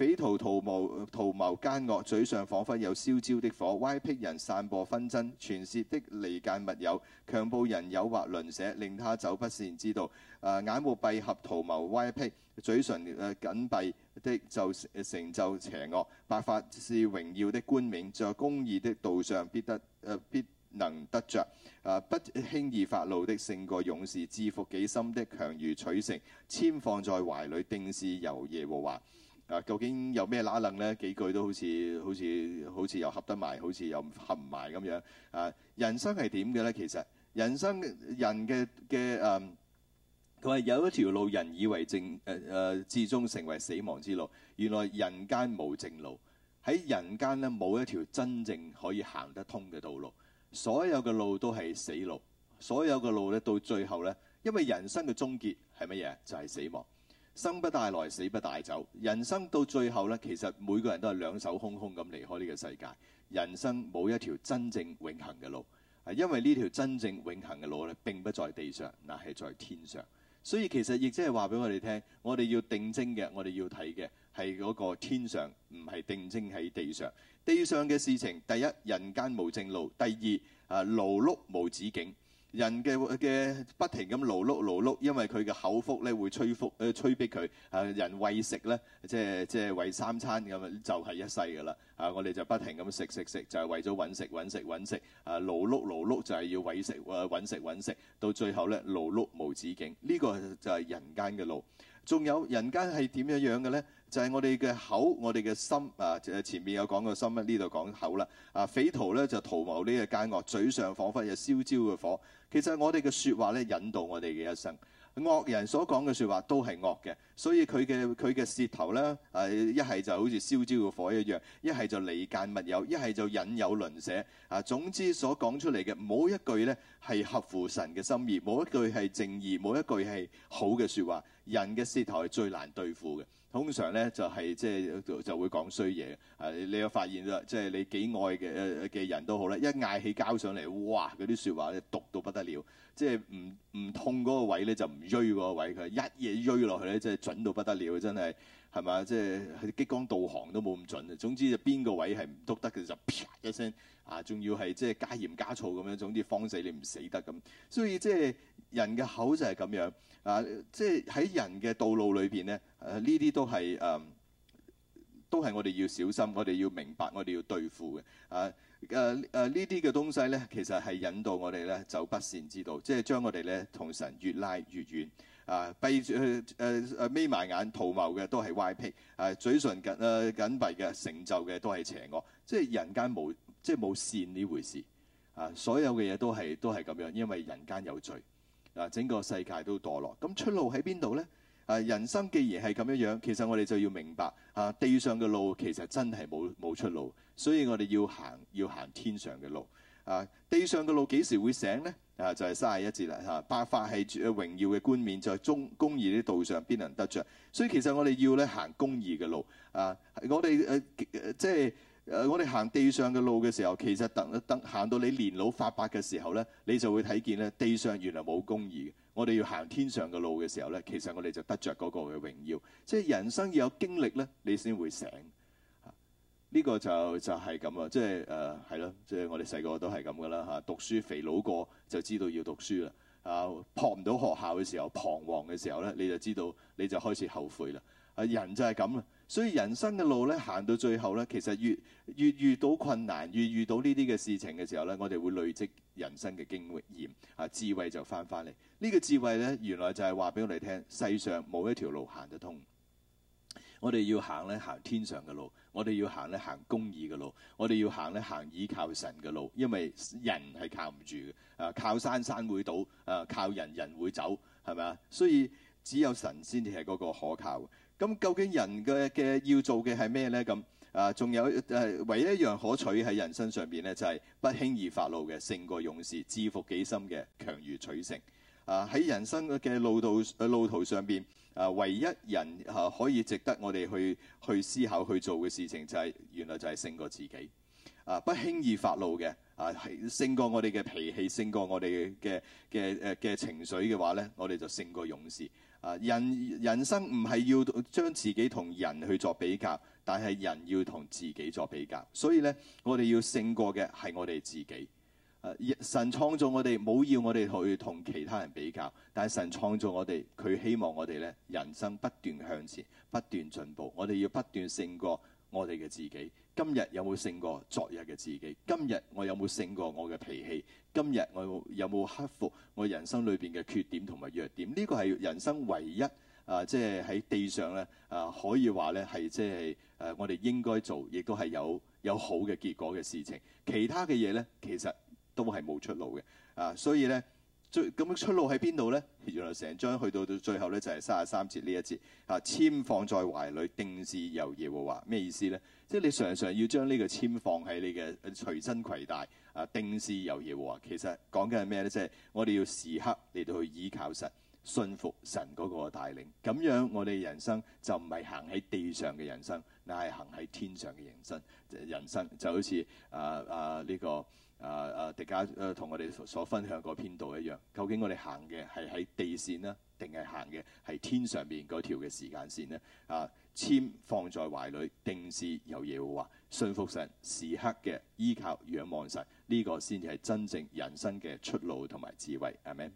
匪徒圖謀圖謀奸惡，嘴上彷彿有燒焦的火，歪僻人散播紛爭，傳舌的離間密友，強暴人誘惑鄰舍，令他走不善之道。呃、眼目閉合，圖謀歪僻，嘴唇誒緊閉的就成就邪惡。白髮是榮耀的冠冕，在公義的道上必得、呃、必能得着。呃、不輕易發怒的勝過勇士，治服己心的強如取城，籤放在懷裡，定事由耶和華。啊，究竟有咩拉楞咧？幾句都好似好似好似又合得埋，好似又合唔埋咁樣。啊，人生係點嘅咧？其實人生人嘅嘅誒，佢話、嗯、有一條路人以為正誒誒，至、呃、終成為死亡之路。原來人間冇正路，喺人間咧冇一條真正可以行得通嘅道路。所有嘅路都係死路，所有嘅路咧到最後咧，因為人生嘅終結係乜嘢？就係、是、死亡。生不帶來，死不帶走。人生到最後呢，其實每個人都係兩手空空咁離開呢個世界。人生冇一條真正永恆嘅路，啊，因為呢條真正永恆嘅路呢，並不在地上，那係在天上。所以其實亦即係話俾我哋聽，我哋要定睛嘅，我哋要睇嘅係嗰個天上，唔係定睛喺地上。地上嘅事情，第一，人間無正路；第二，啊，勞碌無止境。人嘅嘅不停咁勞碌勞碌，因為佢嘅口腹咧會催福誒、呃、催逼佢啊！人餵食咧，即係即係餵三餐咁啊，就係、是、一世噶啦啊！我哋就不停咁食食食，就係、是、為咗搵食搵食搵食啊！勞碌勞碌就係要餵食啊搵食搵食，到最後咧勞碌無止境，呢、這個就係人間嘅路。仲有人間係點樣樣嘅咧？就係我哋嘅口，我哋嘅心啊！誒，前面有講過心，呢度講口啦。啊，匪徒咧就圖謀呢個奸惡，嘴上彷彿有燒焦嘅火。其實我哋嘅説話咧，引導我哋嘅一生。惡人所講嘅説話都係惡嘅，所以佢嘅佢嘅舌頭呢，啊，一係就好似燒焦嘅火一樣，一係就離間密友，一係就引誘鄰舍。啊，總之所講出嚟嘅，冇一句呢係合乎神嘅心意，冇一句係正義，冇一句係好嘅説話。人嘅舌頭係最難對付嘅。通常咧就係即係就是，就會講衰嘢。係、啊、你有發現啦。即、就、係、是，你幾愛嘅嘅人都好咧，一嗌起交上嚟，哇！嗰啲説話咧毒到不得了，即係唔唔痛嗰個位咧就唔督嗰個位佢，一嘢督落去咧真係準到不得了，真係，係嘛？即係，就是，激光導航都冇咁準，總之就邊個位係唔督得嘅就啪一聲，啊！仲要係即係加鹽加醋咁樣，總之慌死你唔死得咁，所以即係，就是人嘅口就係咁樣，啊！即係喺人嘅道路裏邊咧，誒呢啲都係誒、嗯、都係我哋要小心，我哋要明白，我哋要對付嘅啊誒誒呢啲嘅東西咧，其實係引導我哋咧走不善之道，即係將我哋咧同神越拉越遠啊！閉住誒誒眯埋眼圖謀嘅都係歪僻啊！嘴唇緊誒緊閉嘅成就嘅都係邪惡，即係人間冇即係冇善呢回事啊！所有嘅嘢都係都係咁樣，因為人間有罪。啊！整個世界都墮落，咁出路喺邊度咧？啊！人生既然係咁樣樣，其實我哋就要明白啊！地上嘅路其實真係冇冇出路，所以我哋要行要行天上嘅路啊！地上嘅路幾時會醒咧？啊！就係三十一字啦嚇，白髮係誒榮耀嘅冠冕，在、就、忠、是、公義啲道上邊能得着。所以其實我哋要咧行公義嘅路啊！我哋誒、呃、即係。誒、呃，我哋行地上嘅路嘅時候，其實等等行到你年老發白嘅時候咧，你就會睇見咧，地上原來冇公義嘅。我哋要行天上嘅路嘅時候咧，其實我哋就得着嗰個嘅榮耀。即係人生要有經歷咧，你先會醒。呢、啊呢個就就係咁啊！即係誒，係、呃、咯，即係我哋細個都係咁噶啦嚇。讀書肥佬過就知道要讀書啦。啊，撲唔到學校嘅時候，彷徨嘅時候咧，你就知道你就開始後悔啦。啊，人就係咁啊！所以人生嘅路咧，行到最後咧，其實越越遇到困難，越遇到呢啲嘅事情嘅時候咧，我哋會累積人生嘅經驗，啊智慧就翻翻嚟。呢個智慧咧，原來就係話俾我哋聽，世上冇一條路行得通。我哋要行咧，行天上嘅路；我哋要行咧，行公義嘅路；我哋要行咧，行倚靠神嘅路。因為人係靠唔住嘅，啊靠山山會倒，啊靠人人會走，係咪啊？所以只有神先至係嗰個可靠嘅。咁究竟人嘅嘅要做嘅係咩呢？咁啊，仲有誒，唯一一樣可取喺人生上邊呢，就係不輕易發怒嘅，勝過勇士，治服己心嘅，強如取城。啊，喺人生嘅路途路途上邊，啊，唯一人啊可以值得我哋去去思考去做嘅事情，就係，就係原來就係勝過自己。啊，不輕易發怒嘅，啊，勝過我哋嘅脾氣，勝過我哋嘅嘅誒嘅情緒嘅話呢，我哋就勝過勇士。啊！人人生唔係要將自己同人去作比較，但係人要同自己作比較。所以咧，我哋要勝過嘅係我哋自己。誒、啊，神創造我哋冇要我哋去同其他人比較，但係神創造我哋，佢希望我哋咧人生不斷向前、不斷進步。我哋要不斷勝過。我哋嘅自己，今日有冇勝過昨日嘅自己？今日我有冇勝過我嘅脾氣？今日我有冇克服我人生裏邊嘅缺點同埋弱點？呢個係人生唯一啊！即係喺地上咧啊、呃，可以話咧係即係誒，我哋應該做，亦都係有有好嘅結果嘅事情。其他嘅嘢咧，其實都係冇出路嘅啊、呃！所以咧。最咁嘅出路喺邊度咧？原來成章去到到最後咧，就係三十三節呢一節啊，籤放在懷裏，定事由耶和華。咩意思咧？即係你常常要將呢個籤放喺你嘅隨身攜帶啊，定事由耶和華，其實講緊係咩咧？即係我哋要時刻嚟到去依靠神，信服神嗰個帶領，咁樣我哋人生就唔係行喺地上嘅人生，乃係行喺天上嘅人生。人生就好似啊啊呢個。啊迪家啊迪迦誒同我哋所，所分享嗰篇道一樣，究竟我哋行嘅係喺地線呢？定係行嘅係天上面嗰條嘅時間線呢？啊，籤放在懷裡，定事由耶和華。信服神，時刻嘅依靠仰望神，呢、這個先至係真正人生嘅出路同埋智慧。阿 Amen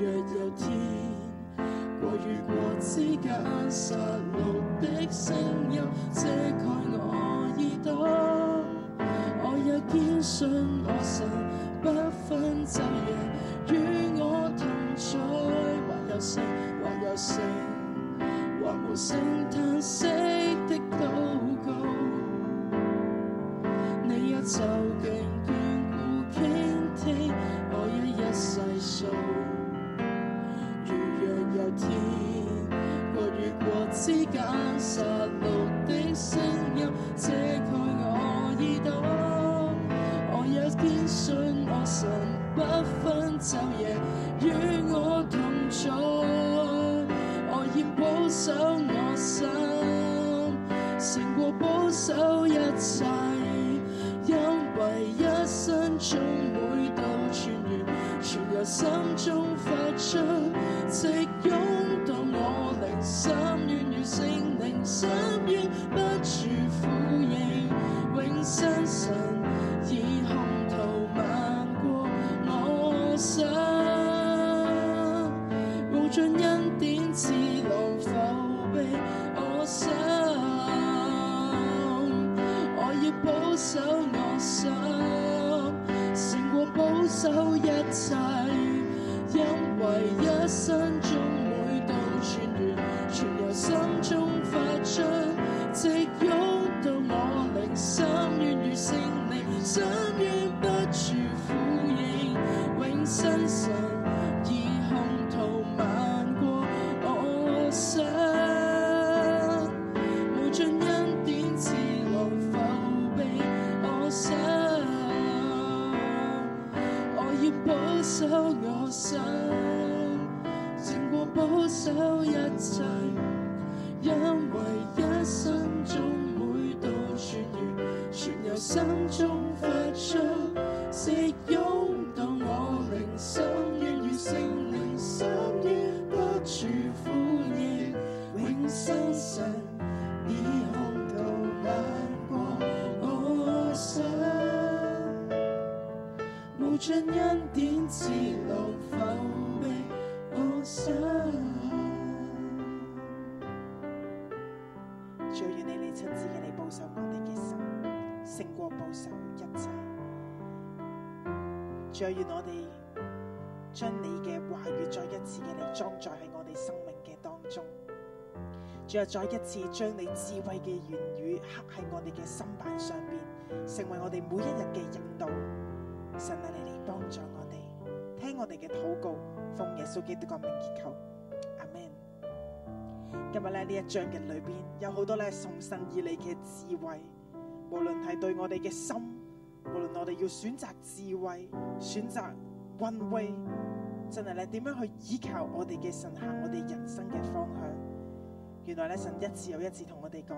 若有天國與國之間失落的聲音遮蓋我耳朵，我也堅信我神不分晝夜與我同在，或有聲，或有聲，或無聲嘆息的禱告,告，你也就近眷顧傾聽，我一一細數。之間殺戮的聲音遮蓋我耳朵，我也堅信我神，不分晝夜。我心，無盡恩典自來厚庇我想，我，我，想我要保守我心，勝過保守一切，因為一生中每道穿越，全由心中。一次否避我心。在願你哋親自嘅嚟，保守我哋嘅心，勝過保守一切。在願我哋將你嘅話語再一次嘅嚟，裝載喺我哋生命嘅當中，再再一次將你智慧嘅言語刻喺我哋嘅心版上邊，成為我哋每一日嘅引導。神啊，你嚟幫助我。聽我哋嘅禱告，奉耶穌基督嘅名祈求，阿門。今日咧呢一章嘅裏邊有好多咧送神以嚟嘅智慧，無論係對我哋嘅心，無論我哋要選擇智慧、選擇恩威，真係咧點樣去依靠我哋嘅神行我哋人生嘅方向。原來咧神一次又一次同我哋講，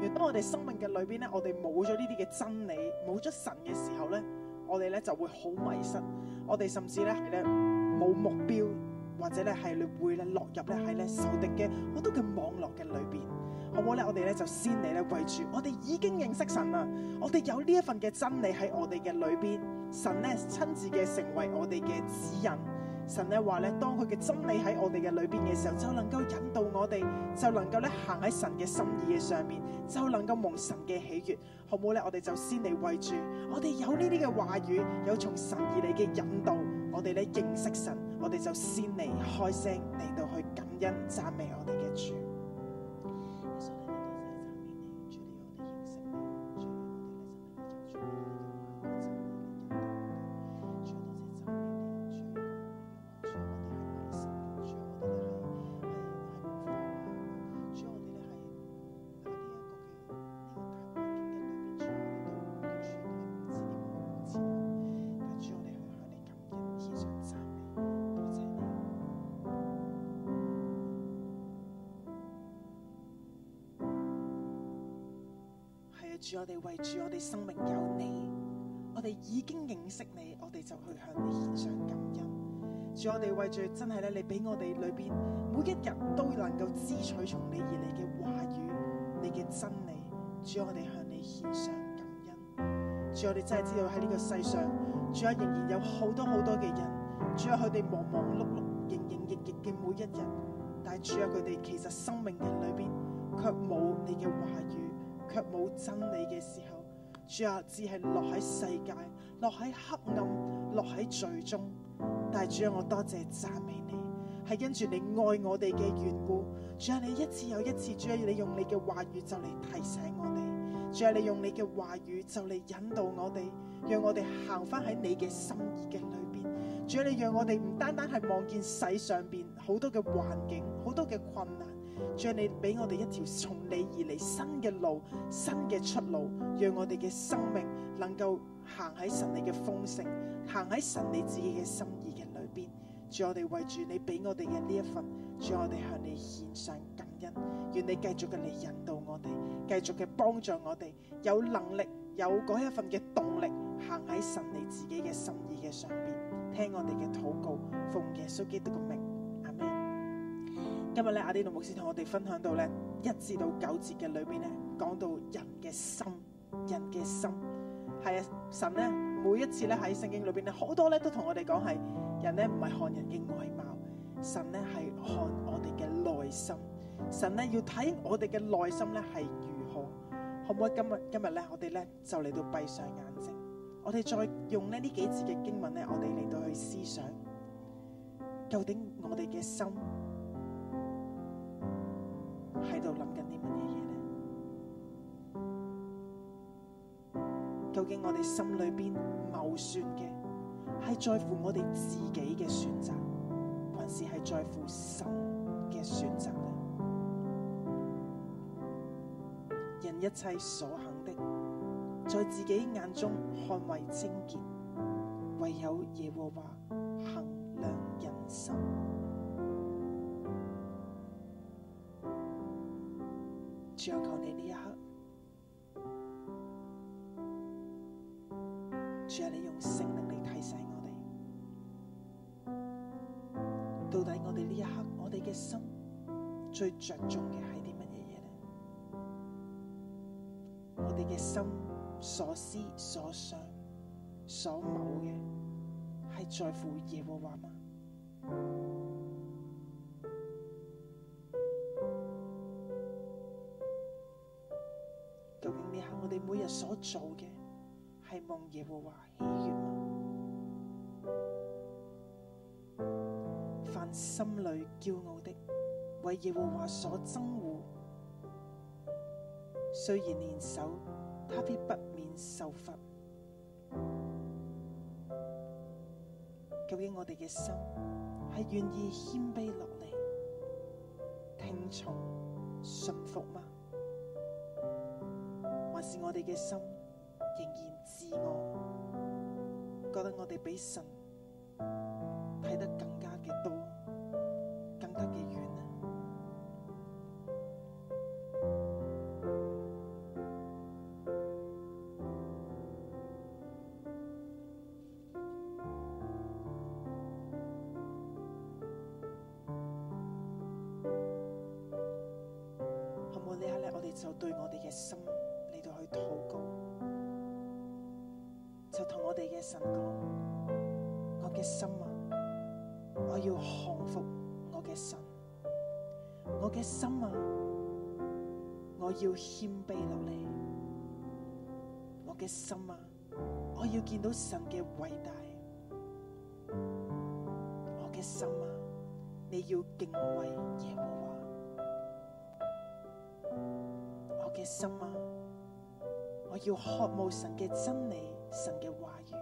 如果我哋生命嘅裏邊咧我哋冇咗呢啲嘅真理，冇咗神嘅時候咧，我哋咧就會好迷失。我哋甚至咧，係咧冇目標，或者咧係會咧落入咧係咧仇敵嘅好多嘅網絡嘅裏邊，好冇咧？我哋咧就先嚟咧跪住，我哋已經認識神啦，我哋有呢一份嘅真理喺我哋嘅裏邊，神咧親自嘅成為我哋嘅指引，神咧話咧，當佢嘅真理喺我哋嘅裏邊嘅時候，就能夠引導我哋，就能夠咧行喺神嘅心意嘅上面，就能夠蒙神嘅喜悅，好唔好咧？我哋就先嚟為住，我哋有呢啲嘅話語，有從神而嚟嘅引導，我哋咧認識神，我哋就先嚟開聲嚟到去感恩讚美我哋嘅主。你生命有你，我哋已經認識你，我哋就去向你獻上感恩。主，我哋為住真係咧，你俾我哋裏邊每一日都能夠支取從你而嚟嘅話語、你嘅真理。主，我哋向你獻上感恩。主，我哋真係知道喺呢個世上，主啊，仍然有好多好多嘅人，主啊，佢哋忙忙碌碌、營營役役嘅每一日，但係主啊，佢哋其實生命嘅裏邊卻冇你嘅話語，卻冇真理嘅時候。主啊，只係落喺世界，落喺黑暗，落喺罪中。但係主啊，我多謝讚美你，係因住你愛我哋嘅緣故。主啊，你一次又一次，主啊，你用你嘅話語就嚟提醒我哋。主啊，你用你嘅話語就嚟引導我哋，讓我哋行翻喺你嘅心意嘅裏邊。主啊，你讓我哋唔單單係望見世上邊好多嘅環境，好多嘅困難。將你俾我哋一條從你而嚟新嘅路、新嘅出路，讓我哋嘅生命能夠行喺神你嘅豐盛，行喺神你自己嘅心意嘅裏邊。主，我哋為住你俾我哋嘅呢一份，主，我哋向你獻上感恩。願你繼續嘅嚟引導我哋，繼續嘅幫助我哋，有能力有嗰一份嘅動力行喺神你自己嘅心意嘅上邊，聽我哋嘅禱告，奉耶穌基督。今日咧，阿迪奴牧師同我哋分享到咧一至到九節嘅裏邊咧，講到人嘅心，人嘅心，係啊，神咧每一次咧喺聖經裏邊咧好多咧都同我哋講係人咧唔係看人嘅外貌，神咧係看我哋嘅內心，神咧要睇我哋嘅內心咧係如何，可唔可以今日今日咧我哋咧就嚟到閉上眼睛，我哋再用咧呢幾節嘅經文咧，我哋嚟到去思想，究竟我哋嘅心，喺度諗緊啲乜嘢嘢咧？究竟我哋心裏邊謀算嘅係在乎我哋自己嘅選擇，還是係在乎神嘅選擇咧？人一切所行的，在自己眼中看為清潔，唯有耶和華衡量人心。求求你呢一刻，主啊，你用聖靈嚟，提醒我哋，到底我哋呢一刻，我哋嘅心最着重嘅係啲乜嘢嘢咧？我哋嘅心所思所想所謀嘅，係在乎耶和華嗎？所做嘅係蒙耶和華喜悅嗎？凡心裏驕傲的，為耶和華所憎惡，雖然連手，他必不免受罰。究竟我哋嘅心係願意謙卑落嚟，聽從順服嗎？我哋嘅心仍然自我，覺得我哋比神睇得更。心啊，我要謙卑落嚟。我嘅心啊，我要見到神嘅偉大。我嘅心啊，你要敬畏耶和華。我嘅心啊，我要渴望神嘅真理、神嘅話語。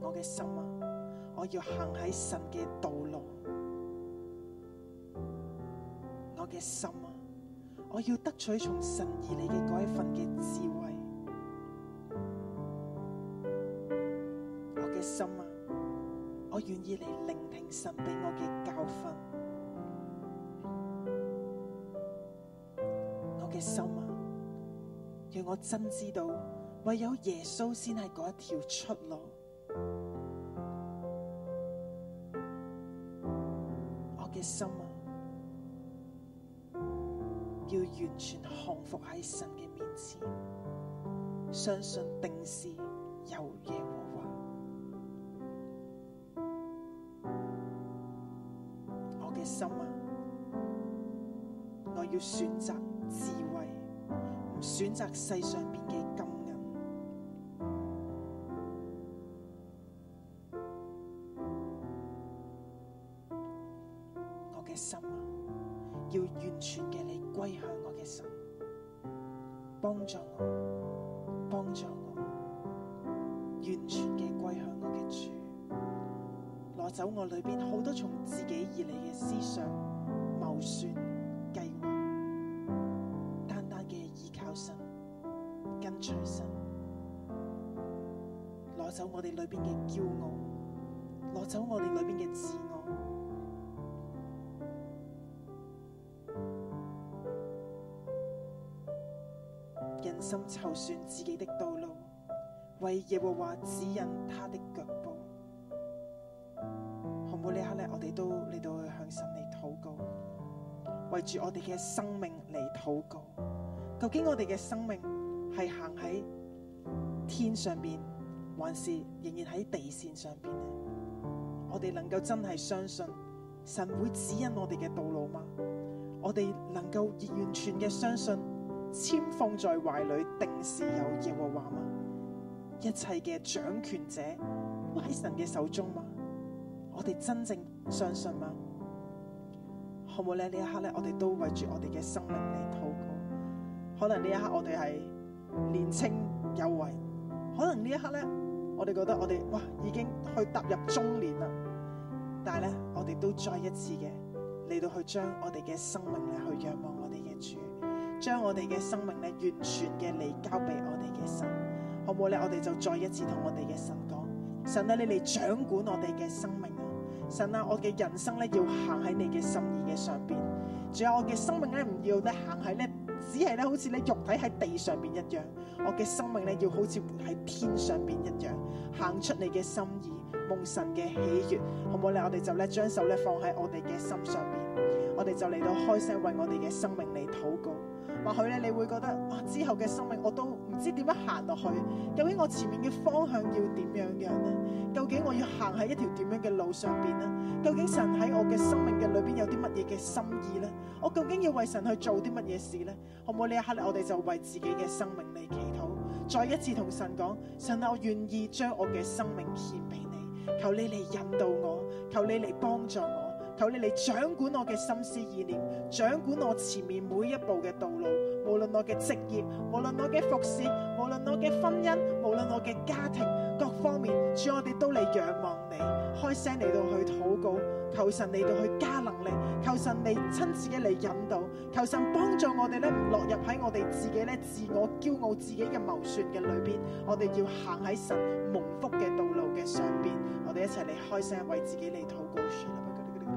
我嘅心啊，我要行喺神嘅道路。我嘅心啊，我要得取從神而嚟嘅嗰份嘅智慧。我嘅心啊，我願意嚟聆聽神俾我嘅教訓。我嘅心啊，讓我真知道，唯有耶穌先係嗰一條出路。要完全降服喺神嘅面前，相信定事由耶和華。我嘅心啊，我要選擇智慧，唔選擇世上。裏邊好多從自己而嚟嘅思想、謀算、計劃，單單嘅依靠神、跟隨神，攞走我哋裏邊嘅驕傲，攞走我哋裏邊嘅自我。人生籌算自己的道路，為耶和華指引他的腳。每呢刻咧，我哋都嚟到去向神嚟禱告，為住我哋嘅生命嚟禱告。究竟我哋嘅生命係行喺天上邊，還是仍然喺地綫上邊呢？我哋能夠真係相信神會指引我哋嘅道路嗎？我哋能夠完全嘅相信，簽放在懷裏定事由耶和華嗎？一切嘅掌權者喺神嘅手中嗎？我哋真正相信嗎？好唔好咧？呢一刻咧，我哋都為住我哋嘅生命嚟禱告。可能呢一刻我哋係年青有為，可能呢一刻咧，我哋覺得我哋哇已經去踏入中年啦。但係咧，我哋都再一次嘅嚟到去將我哋嘅生命咧去仰望我哋嘅主，將我哋嘅生命咧完全嘅嚟交俾我哋嘅神。好唔好咧？我哋就再一次同我哋嘅神講：神咧，你嚟掌管我哋嘅生命。神啊，我嘅人生咧要行喺你嘅心意嘅上邊，仲有我嘅生命咧唔要咧行喺咧，只係咧好似咧肉體喺地上邊一樣，我嘅生命咧要好似活喺天上邊一樣，行出你嘅心意，蒙神嘅喜悅，好唔好咧？我哋就咧將手咧放喺我哋嘅心上邊，我哋就嚟到開聲為我哋嘅生命嚟禱告。或許咧你會覺得，哦、之後嘅生命我都唔知點樣行落去，究竟我前面嘅方向要點樣樣咧？究竟我要行喺一條點樣嘅路上邊咧？究竟神喺我嘅生命嘅裏邊有啲乜嘢嘅心意咧？我究竟要為神去做啲乜嘢事咧？可唔可以呢一刻咧？我哋就為自己嘅生命嚟祈禱，再一次同神講，神啊，我願意將我嘅生命獻俾你，求你嚟引導我，求你嚟幫助我。求你嚟掌管我嘅心思意念，掌管我前面每一步嘅道路，無論我嘅職業，無論我嘅服侍，無論我嘅婚姻，無論我嘅家庭，各方面，主我哋都嚟仰望你，開聲嚟到去禱告，求神嚟到去加能力，求神嚟親自嘅嚟引導，求神幫助我哋咧，唔落入喺我哋自己咧自我驕傲、自己嘅謀算嘅裏邊，我哋要行喺神蒙福嘅道路嘅上邊，我哋一齊嚟開聲為自己嚟禱告。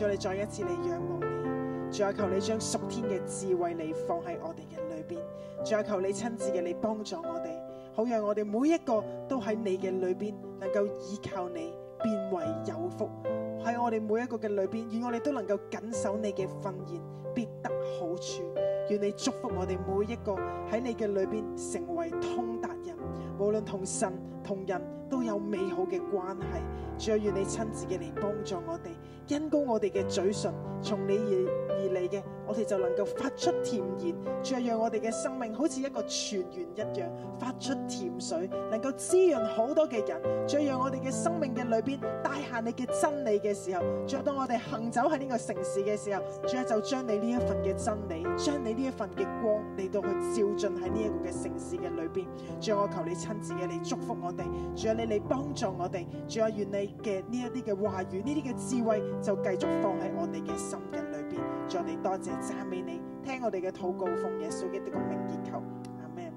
叫你再一次嚟仰望你，仲有求你將屬天嘅智慧你放喺我哋嘅裏邊，仲有求你親自嘅嚟幫助我哋，好讓我哋每一個都喺你嘅裏邊能夠倚靠你變為有福，喺我哋每一個嘅裏邊，願我哋都能夠謹守你嘅訓言，必得好處，願你祝福我哋每一個喺你嘅裏邊成為通達人，無論同神。同人都有美好嘅關係，主要你親自嘅嚟幫助我哋，恩膏我哋嘅嘴唇，從你而而嚟嘅。我哋就能夠發出甜言，再讓我哋嘅生命好似一個泉源一樣，發出甜水，能夠滋潤好多嘅人。再讓我哋嘅生命嘅裏邊帶下你嘅真理嘅時候，再當我哋行走喺呢個城市嘅時候，再就將你呢一份嘅真理，將你呢一份嘅光嚟到去照進喺呢一個嘅城市嘅裏邊。再我求你親自嘅嚟祝福我哋，再你嚟幫助我哋，再願你嘅呢一啲嘅話語，呢啲嘅智慧就繼續放喺我哋嘅心嘅。上帝多謝讚美你，聽我哋嘅禱告，奉耶穌基督嘅名祈求阿們。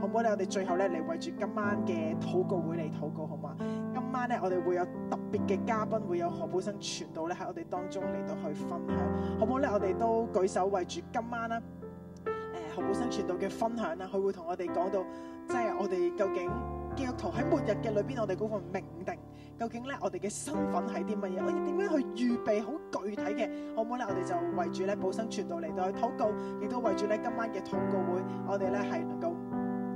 好唔好咧？我哋最後咧嚟，為住今晚嘅禱告會嚟禱告好嘛？今晚咧我哋會有特別嘅嘉賓，會有何寶生傳道咧喺我哋當中嚟到去分享，好唔好咧？我哋都舉手為住今晚啦，誒何寶生傳道嘅分享啦，佢會同我哋講到，即係我哋究竟基督徒喺末日嘅裏邊，我哋嗰份命定。究竟咧，我哋嘅身份係啲乜嘢？我要點樣去預備好具體嘅？可唔可以咧？我哋就為住咧，保生傳道嚟到去禱告，亦都為住咧今晚嘅禱告會，我哋咧係能夠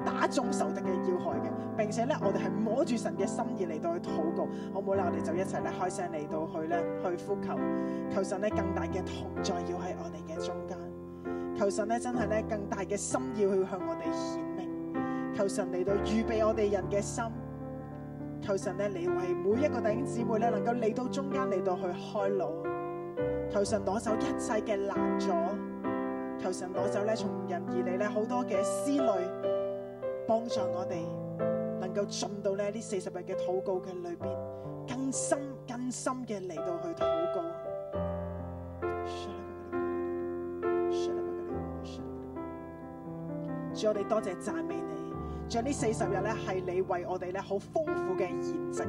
打中仇敵嘅要害嘅，並且咧我哋係摸住神嘅心意嚟到去禱告，好唔好咧？我哋就一齊咧開聲嚟到去咧去呼求，求神咧更大嘅同在要喺我哋嘅中間，求神咧真係咧更大嘅心意去向我哋顯明，求神嚟到預備我哋人嘅心。求神咧，你為每一個弟兄姊妹咧，能夠嚟到中間嚟到去開路，求神攞走一切嘅難阻，求神攞走咧從人而嚟咧好多嘅思慮，幫助我哋能夠進到咧呢四十日嘅禱告嘅裏邊，更深更深嘅嚟到去禱告。主，我哋多謝讚美你。將呢四十日咧係你為我哋咧好豐富嘅筵席。啊！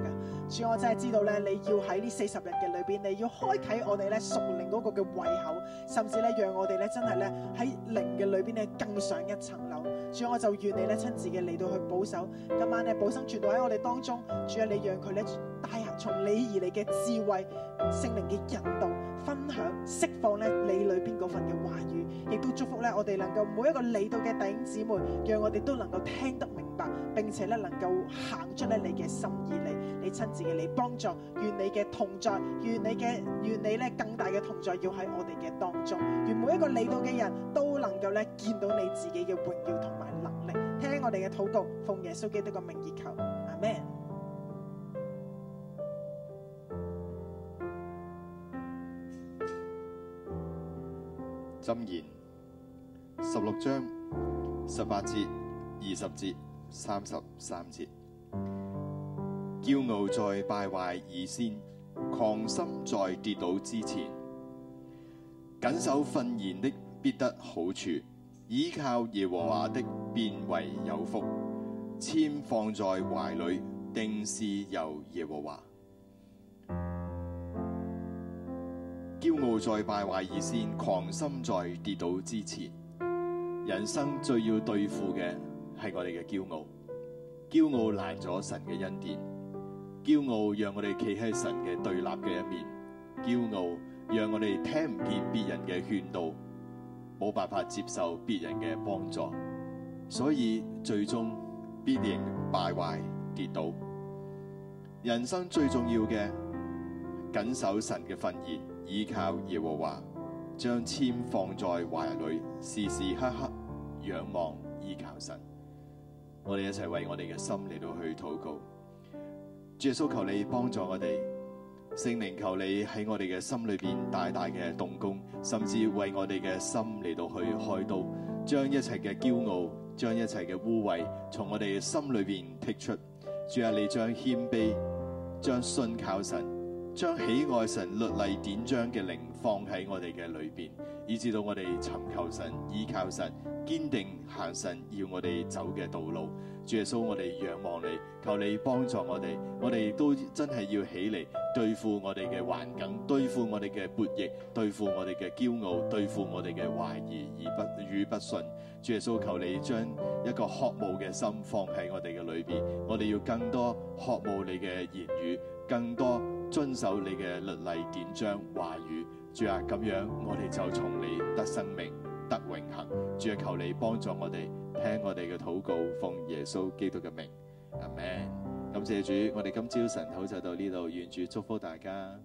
主，我真係知道咧，你要喺呢四十日嘅裏邊，你要開啟我哋咧屬靈嗰個嘅胃口，甚至咧讓我哋咧真係咧喺靈嘅裏邊咧更上一層樓。主，我就願你咧親自嘅嚟到去保守，今晚咧保生傳到喺我哋當中。主啊，你讓佢咧。帶下從你而嚟嘅智慧、聖靈嘅引導、分享、釋放咧，你裏邊嗰份嘅話語，亦都祝福咧，我哋能夠每一個嚟到嘅弟兄姊妹，讓我哋都能夠聽得明白，並且咧能夠行出咧你嘅心意嚟，你親自嘅嚟幫助，願你嘅同在，願你嘅願你咧更大嘅同在要喺我哋嘅當中，願每一個嚟到嘅人都能夠咧見到你自己嘅榮耀同埋能力，聽我哋嘅禱告，奉耶穌基督嘅名而求，阿門。箴言十六章十八節、二十節、三十三節，驕傲在敗壞以先，狂心在跌倒之前，謹守訓言的必得好處，依靠耶和華的變為有福，籤放在懷裏定是由耶和華。驕傲在敗壞以先，狂心在跌倒之前。人生最要對付嘅係我哋嘅驕傲，驕傲攔咗神嘅恩典，驕傲讓我哋企喺神嘅對立嘅一面，驕傲讓我哋聽唔見別人嘅勸導，冇辦法接受別人嘅幫助，所以最終必定敗壞跌倒。人生最重要嘅，謹守神嘅訓言。依靠耶和華，將籤放在懷裏，時時刻刻仰望依靠神。我哋一齊為我哋嘅心嚟到去禱告。主耶穌，求你幫助我哋，聖靈求你喺我哋嘅心裏邊大大嘅動工，甚至為我哋嘅心嚟到去開刀，將一切嘅驕傲，將一切嘅污穢從我哋嘅心裏邊剔出。主啊，你將謙卑，將信靠神。將喜愛神、律例典章嘅靈放喺我哋嘅裏邊，以至到我哋尋求神、依靠神、堅定行神要我哋走嘅道路。主耶穌，我哋仰望你，求你幫助我哋。我哋都真係要起嚟對付我哋嘅環境，對付我哋嘅叛逆，對付我哋嘅驕傲，對付我哋嘅懷疑而不與不順。主耶穌，求你將一個渴慕嘅心放喺我哋嘅裏邊。我哋要更多渴慕你嘅言語。更多遵守你嘅律例典章話語，主啊，咁樣我哋就從你得生命、得永恒。主啊，求你幫助我哋聽我哋嘅禱告，奉耶穌基督嘅名，阿門。感謝主，我哋今朝晨禱就到呢度，願主祝福大家。